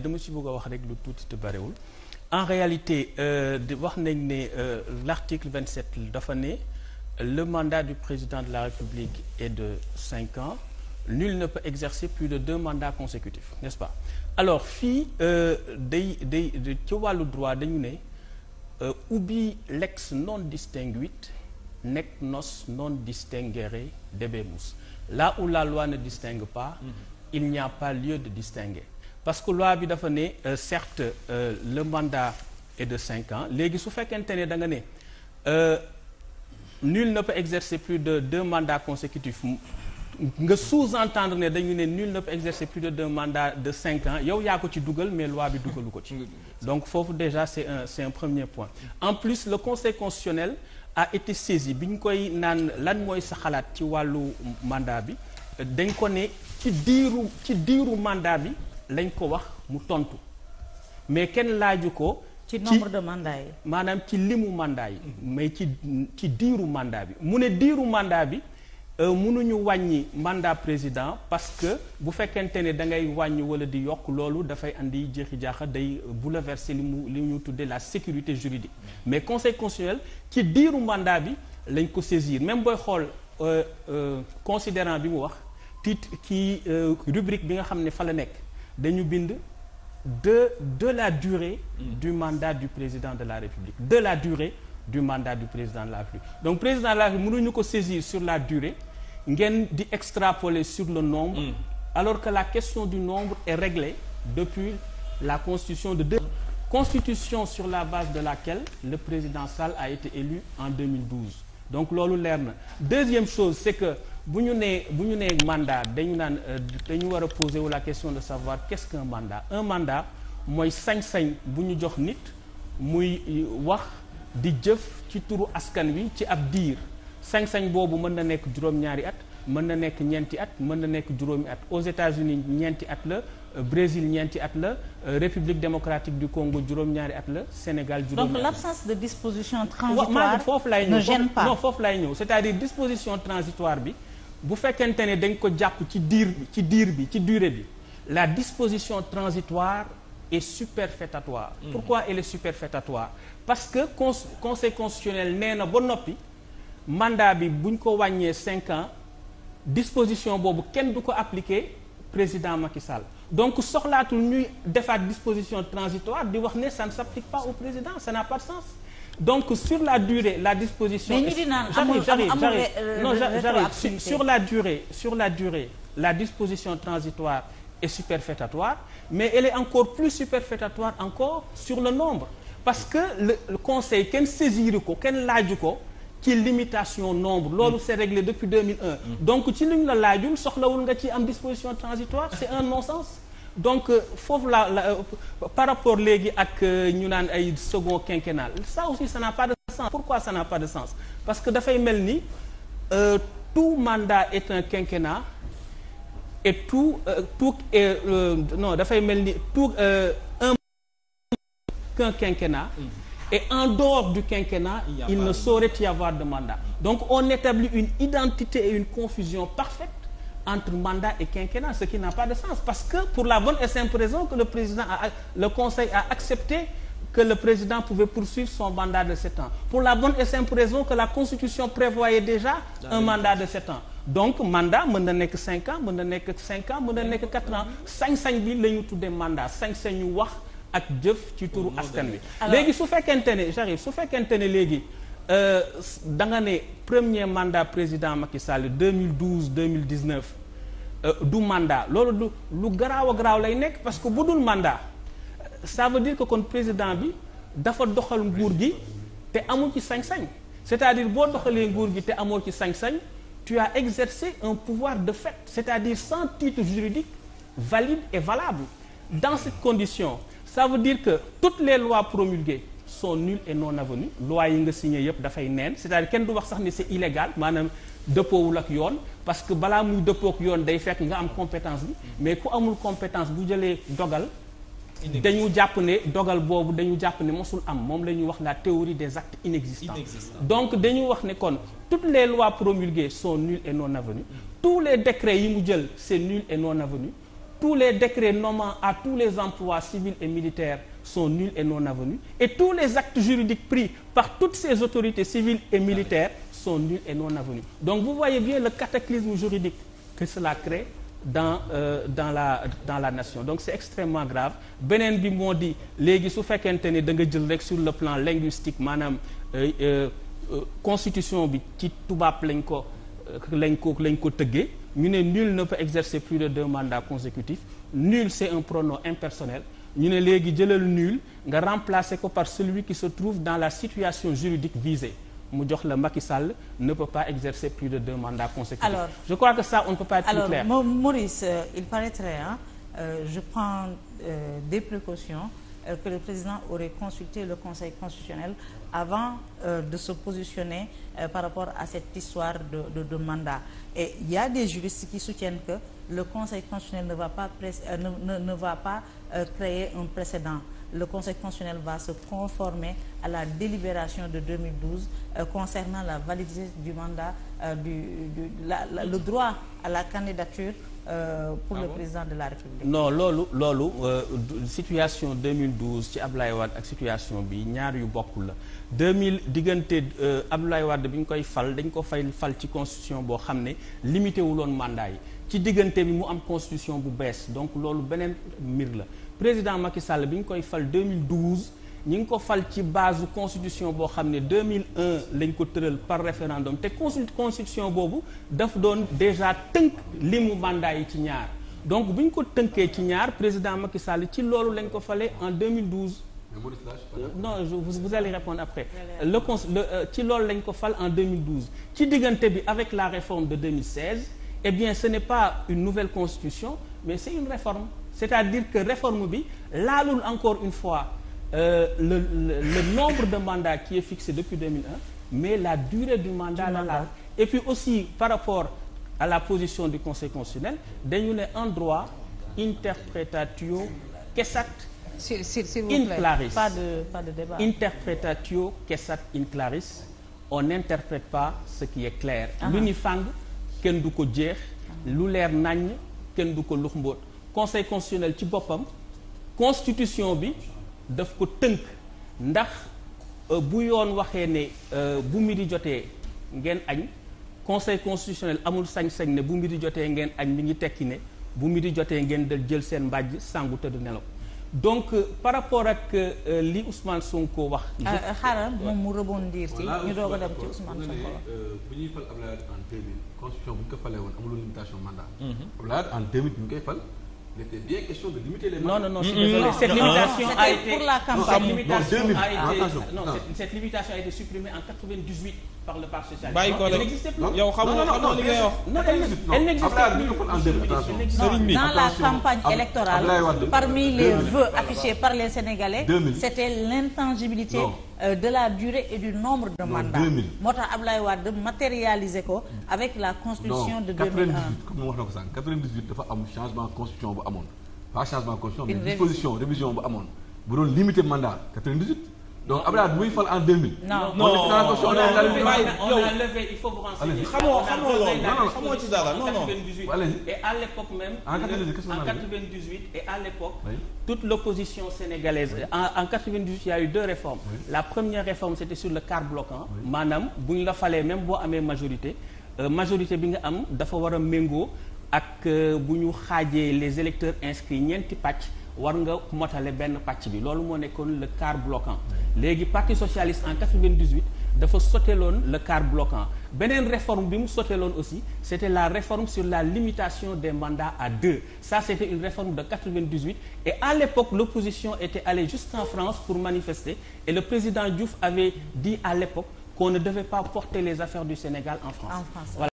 et dama ci bëgg a wax rek lu tuuti te barewul en réalité euh, di wax nañ ne euh, l'article 27 dafa ne le mandat du président de la République est de cinq ans nul ne peut exercer plus de deux mandats consécutifs n'est-ce pas alors fii euh, day day ci wàllu droit dañu ne oubi lex non distinguit nec nos non distinguere debemus là où la loi ne distingue pas mm-hmm. il n'y a pas lieu de distinguer parce que loi bi dafa ne euh, certes euh, le mandat est de cinq ans léegi su fekkente ne da nga ne euh, nul ne peut exercer plus de deux mandats consécutifs nga sous-entendre ne dañu ne nul ne peut exercer plus de deux mandats de cinq ans yow yaa ko ci dugal mais loi bi dugalu ko ci donc foofu déjà c'est un c'est un premier point en plus le conseil constitutionnel a été saisi bi ñu koy naan lan mooy sa xalaat ci wàllu mandat bi dañ ko ne ci diiru ci diiru mandat bi lañ ko wax mu tontu mais kenn laaju ko. ci nombre de mandat yi. maanaam ci limu mandat yi. mais ci ci diiru mandat bi mu ne diiru mandat bi euh, mënuñu wàññi mandat président parce que bu fekkente ne da ngay wàññi walla di yokk loolu dafay andi jeexi jaaxa day bouleverser li mu li ñu tuddee la sécurité juridique. mais conseil ci diiru mandat bi lañ ko saisir même booy xool euh, euh, considérant bi mu wax titre kii rubrique bi nga xam ne fa la nekk. dañu bind de de la durée mm. du mandat du président de la République de la durée du mandat du président de la République donc président de la République mënuñu ko saisir sur la durée ngeen di extrapoler sur le nombre mm. alors que la question du nombre est réglée depuis la constitution de deux constitution sur la base de laquelle le président Sall a été élu en 2012 donc loolu leer na deuxième chose c'est que bu ñu nee bu ñu nee mandat dañu naan euh, dañu war a poser wu la question de savoir qu'est-ce qu'un mandat un mandat mooy sañ-sañ bu ñu jox nit muy euh, wax di jëf ci turu askan wi ci ab diir sañ-sañ boobu mën na nekk juróom-ñaari at mën na nekk ñeenti at mën na nekk juróomi at aux États-Unis ñeenti at la euh, Brésil ñeenti at la euh, République démocratique du Congo juróom-ñaari at la Sénégal juróomi at donc l'absence disposition transitoire foofu lay ñëw non foofu lay ñëw c'est-à-dire disposition transitoire bi bu fekkente ne dañ ko jàpp ci diir bi ci diir bi ci durée bi la disposition transitoire est superfétatoire hmm. pourquoi elle est superfétatoire parce que conseil constitutionnel nee na ba noppi mandat bi buñ ko wàññee cinq ans disposition boobu kenn du ko appliquer président Macky Sall donc soxlaatul ñuy defaat disposition transitoire di wax ne ça ne s'applique pas au président ça n'a pas de sens donc sur la durée la disposition. mais ñu amul non j'arrive sur la durée sur la durée la disposition transitoire est superfétatoire mais elle est encore plus superfétatoire encore sur le nombre parce que le conseil kenn saisiru ko kenn laaju ko. ci limitation nombre loolu mm. c'est réglé depuis deux 2001 mm. donc ci li ñu la laajul soxlawul nga ci am disposition transitoire c'est un non-sens donc euh, foofu la la euh, par rapport léegi ak euh, ñu naan ay second quinquennal ça aussi ça n'a pas de sens pourquoi ça n'a pas de sens parce que dafay mel ni tout mandat est un quinquennat et tout tout est non dafay mel ni tout un qu'un Et en dehors du quinquennat, il, il ne saurait y avoir de mandat. Donc on établit une identité et une confusion parfaite entre mandat et quinquennat, ce qui n'a pas de sens. Parce que pour la bonne et simple raison que le, président le Conseil a accepté que le président pouvait poursuivre son mandat de 7 ans. Pour la bonne et simple raison que la Constitution prévoyait déjà Dans un mandat de 7 ans. donc mandat mën na nekk 5 ans mën na nekk 5 ans mën na nekk 4 ans sañ-sañ la ñu tuddee mandat sañ-sañu wax ak jëf ci turu askan wi léegi su fekkente ne j'arrive su fekkente ne léegi euh, da nga ne premier mandat président Macky Sall 2012 2019 euh, du mandat loolu du lu garaaw a garaaw lay nekk parce que bu dul mandat ça veut dire que kon président bi dafa doxal nguur gi te amul ci sañ-sañ c'est-à-dire boo doxalee nguur gi te amoo ci sañ-sañ tu as exercé un pouvoir de fait c'est-à-dire sans titre juridique valide et valable dans cette condition ça veut dire que toutes les lois promulguées son nulles et non avenues loi yi nga signe yëpp dafay neen c'est-à-dire kenn du wax sax ni c'est illégal maanaam dëppoowul ak yoon parce que balaa muy dëppook yoon day fekk nga am compétence bi mais ku amul compétence bu jëlee dogal dañu jàpp ne dogal boobu dañu jàpp ne mosul am moom la ñuy wax la théorie des actes inexistants donc dañu wax ne kon toutes les lois promulguées son nulles et non avenues tous les décrets yi mu jël c'est nul et non avenu tous les décrets nommant à tous les emplois civils et militaires sont nuls et non avenus et tous les actes juridiques pris par toutes ces autorités civiles et militaires sont nuls et non avenus donc vous voyez bien le cataclysme juridique que cela crée dans euh, dans la dans la nation donc c'est extrêmement grave beneen bi moo di léegi su fekkente ne da nga jël rek sur le plan linguistique maanaam euh, euh, euh, constitution bi ci tubaab lañ ko lañ ko lañ ko tëggee ñu ne nul ne peut exercer plus de deux mandats consécutifs nul c'est un pronom impersonnel ñu ne léegi jëlal nul nga remplacer ko par celui qui se trouve dans la situation juridique visée mu jox la Macky Sall ne peut pas exercer plus de deux mandats consécutifs je crois que ça on ne peut pas être alors, plus clair alors Maurice euh, il paraîtrait hein euh, je prends euh, des précautions Euh, que le président aurait consulté le Conseil constitutionnel avant euh, de se positionner euh, par rapport à cette histoire de, de, de mandat. Et il y a des juristes qui soutiennent que le Conseil constitutionnel ne va pas, euh, ne, ne, ne, va pas euh, créer un précédent. Le Conseil constitutionnel va se conformer à la délibération de 2012 euh, concernant la validité du mandat, du, du la, la, le droit à la candidature Euh, pour ah de la République. loolu loolu euh, situation 2012 ci Abdoulaye Wade ak situation bi ñaar yu bokkul la 2000 diggante ab euh, Abdoulaye Wade bi ñu koy fal dañ ko fay fal ci constitution boo xam ne limité wu loon mandat yi ci diggante bi mu am constitution bu bees donc loolu beneen mbir la président Macky Sall bi ñu koy fal 2012. ñu ngi ko fal ci base constitution boo xam ne 2001 lañ ko tëral par référendum te constitution boobu daf doon déjà tënk li mu mandat yi ci ñaar donc bu ñu ko tënkee ci ñaar président Macky Sall ci loolu lañ ko falee en 2012. Euh, non je vous, vous allez répondre après le con euh, ci loolu lañ ko fal en 2012 ci diggante bi avec la réforme de 2016 eh bien ce n'est pas une nouvelle constitution mais c'est une réforme c'est-à-dire que réforme bi laalul encore une fois euh, le, le, le nombre de mandats qui est fixé depuis mais la durée du mandat du la mandat. et puis aussi par rapport à la position du conseil constitutionnel dañu ne en droit interpretatio quaesat s'il, s'il, s'il vous in plaît. claris interpretatio quaesat in claris on n'interprète pas ce qui est clair ah lu ñu ah. fàng kenn du ko jeex lu leer nañ kenn du ko lux mbóot conseil constitutionnel ci boppam constitution bi daf ko tënk ndax euh, bu yoon waxee ne euh, bu mu di jotee ngeen añ conseil constitutionnel amul sañ-sañ ne bu mi di jotee ngeen añ mi ngi tekki ne bu mi di jotee ngeen dal jël seen mbàjj sangu tëdd nelaw donc euh, par rapport ak li Ousmane Sonko wax. Ah, xaaral moom mu rebondir ci ñu doog a dem ci Ousmane Sonko wax. bu ñuy fal Abdoulaye Wade en 2000 constitution mhm. koy fal. il était bien par le parti socialiste. bàyyi ko rek yow xam nga xam nga li ngay wax. non elle n'existe plus Serigne bi dans la campagne électorale parmi les vœux affichés par les Sénégalais. c'était l'intangibilité euh, de la durée et du nombre de mandats moo tax Ablaye Wade matérialiser ko avec la constitution de 2001 non 98 comme ni wax na ko sànq 98 dafa am changement constitution bu amoon pas changement constitution mais disposition révision bu amoon bu doon limiter mandat 98 donc Abdoulaye bu muy fal en 2000. non non on a levé il faut vous renseigner. xamoo xamoo loolu non non xamoo ci dara non non. et à l'époque même. en 98 et à l'époque toute l'opposition sénégalaise en en 98 il y a eu deux réformes. la première réforme c'était sur le quart bloquant. maanaam bu ñu la falee même boo amee majorité euh, majorité bi nga am dafa war a méngoo ak euh, bu ñu xaajee les électeurs inscrits ñeenti pàcc. war nga motale benn pàcc bi loolu moo nekkoon le quart bloquant léegi parti socialiste en 98 dafa sotteeloon le quart bloquant beneen réforme bi mu sotteeloon aussi c'était la réforme sur la limitation des mandats à deux ça c'était une réforme de 98 et à l'époque l'opposition était allée jusqu'en France pour manifester et le président Diouf avait dit à l'époque qu'on ne devait pas porter les affaires du Sénégal en France, en France.